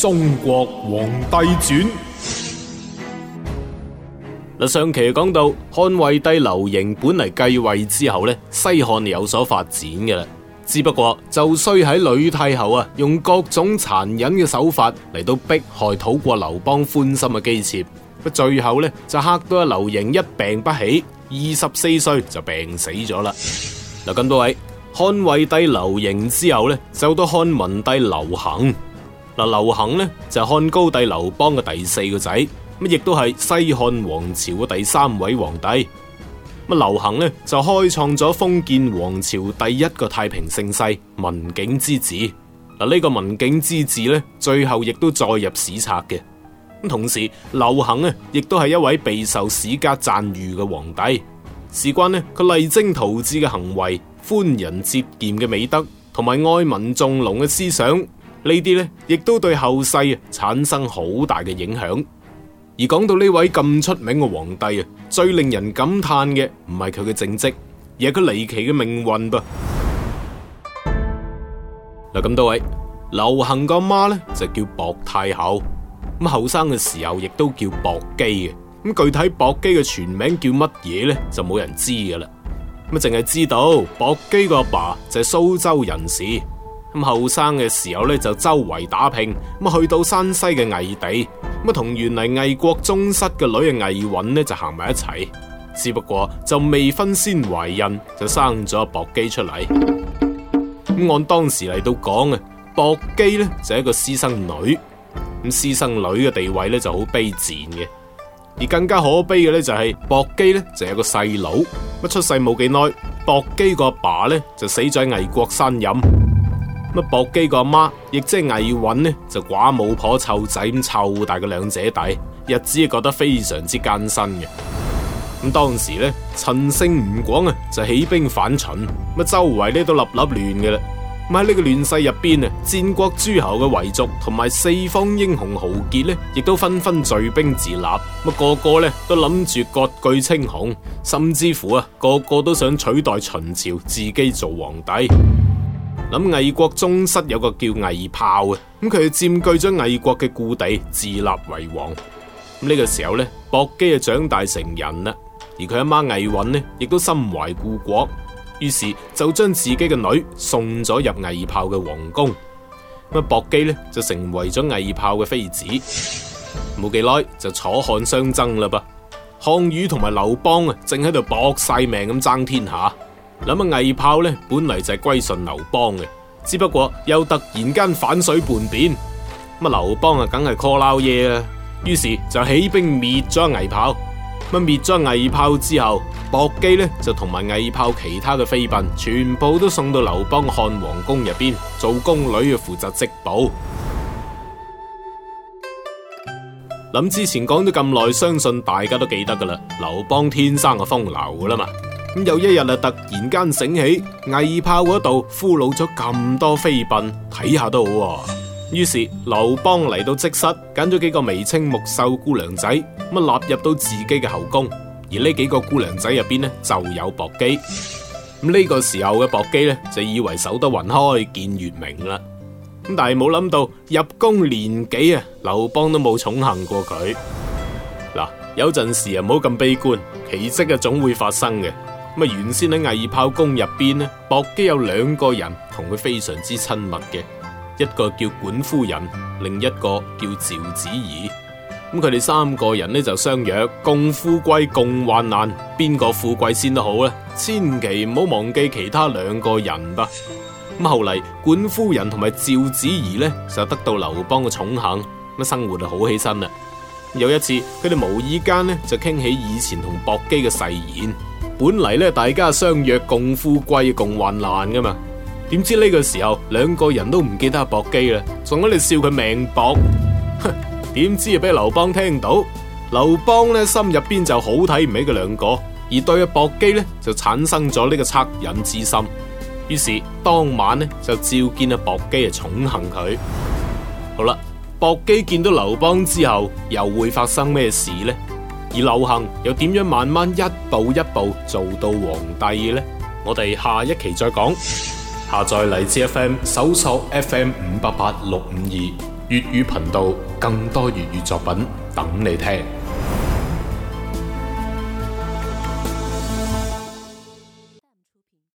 中國皇帝傳嗱，上期講到漢惠帝劉盈本嚟繼位之後呢，西漢有所發展嘅啦。只不過就衰喺呂太后啊，用各種殘忍嘅手法嚟到迫害討過劉邦歡心嘅姬妾。最後呢，就嚇到阿劉盈一病不起，二十四歲就病死咗啦。嗱，咁多位漢惠帝劉盈之後呢，就到漢文帝劉恒。嗱，劉恒呢就係、是、漢高帝劉邦嘅第四個仔，咁亦都係西漢王朝嘅第三位皇帝。咁劉恒呢就開創咗封建王朝第一個太平盛世，文景之治。嗱，呢個文景之治呢，最後亦都載入史冊嘅。咁同時，劉恒呢，亦都係一位備受史家讚譽嘅皇帝。事關呢，佢勵精圖治嘅行為、寬仁節儉嘅美德同埋愛民重農嘅思想。呢啲呢，亦都對後世啊產生好大嘅影響。而講到呢位咁出名嘅皇帝啊，最令人感嘆嘅唔係佢嘅政績，而係佢離奇嘅命運噃。嗱，咁 多位，劉恒個媽呢，就叫薄太後，咁後生嘅時候亦都叫薄姬嘅。咁具體薄姬嘅全名叫乜嘢呢？就冇人知噶啦。咁啊，淨係知道薄姬個阿爸就係蘇州人士。咁後生嘅時候呢，就周圍打拼，咁去到山西嘅魏地，咁同原嚟魏國宗室嘅女嘅魏媪呢，就行埋一齊，只不過就未婚先懷孕，就生咗薄姬出嚟。咁按當時嚟到講啊，薄姬呢就係一個私生女，咁私生女嘅地位呢就好卑賤嘅，而更加可悲嘅呢，就係薄姬呢就係一個細佬，乜出世冇幾耐，薄姬個阿爸呢就死咗喺魏國山飲。乜薄姬個阿媽亦即係魏媪呢，就寡母婆湊仔咁湊大嘅兩姐弟，日子覺得非常之艱辛嘅。咁當時呢，陳勝吳廣啊就起兵反秦，咁周圍呢都立立亂嘅啦。咁喺呢個亂世入邊啊，戰國諸侯嘅遺族同埋四方英雄豪傑呢，亦都紛紛聚兵自立，咁個個呢都諗住割據稱雄，甚至乎啊個個都想取代秦朝，自己做皇帝。諗魏國宗室有個叫魏豹嘅，咁佢就佔據咗魏國嘅故地，自立為王。咁、這、呢個時候呢，薄姬就長大成人啦，而佢阿媽魏媪呢亦都心懷故國，於是就將自己嘅女送咗入魏豹嘅皇宮。咁啊，薄姬呢就成為咗魏豹嘅妃子。冇幾耐就楚漢相爭嘞噃，項羽同埋劉邦啊，正喺度搏晒命咁爭天下。諗阿魏豹咧，本嚟就係歸順劉邦嘅，只不過又突然間反水叛變，咁劉邦啊梗係 call 撈嘢啦，於是就起兵滅咗魏豹。咁滅咗魏豹之後，薄姬呢就同埋魏豹其他嘅妃嬪，全部都送到劉邦漢王宮入邊做宮女的負職保，負責織布。諗之前講咗咁耐，相信大家都記得噶啦，劉邦天生就風流噶啦嘛。咁有一日啊，突然間醒起魏豹嗰度俘虜咗咁多妃嬪，睇下都好。於是劉邦嚟到織室揀咗幾個眉清目秀姑娘仔，乜啊納入到自己嘅後宮。而呢幾個姑娘仔入邊呢，就有薄姬。咁、這、呢個時候嘅薄姬呢，就以為守得雲開見月明啦。咁但係冇諗到入宮年幾啊，劉邦都冇寵幸過佢。嗱，有陣時啊，唔好咁悲觀，奇蹟啊總會發生嘅。原先喺魏豹宮入邊呢，薄姬有兩個人同佢非常之親密嘅，一個叫管夫人，另一個叫趙子儀。咁佢哋三個人呢就相約共富貴，共患難，邊個富貴先都好啦，千祈唔好忘記其他兩個人吧。咁後嚟管夫人同埋趙子儀呢就得到劉邦嘅寵幸，咁生活就好起身啦。有一次佢哋無意間呢就傾起以前同薄姬嘅誓言。本嚟咧，大家相約共富貴、共患難噶嘛。點知呢個時候，兩個人都唔記得阿薄姬啦，仲喺度笑佢命薄。點知啊，俾劉邦聽到，劉邦咧心入邊就好睇唔起佢兩個，而對阿薄姬咧就產生咗呢個惻隱之心。於是當晚呢，就召見阿薄姬啊，寵幸佢。好啦，薄姬見到劉邦之後，又會發生咩事呢？而劉恒又點樣慢慢一步一步做到皇帝呢？我哋下一期再講。下載荔枝 FM，搜索 FM 五八八六五二粵語頻道，更多粵語作品等你聽。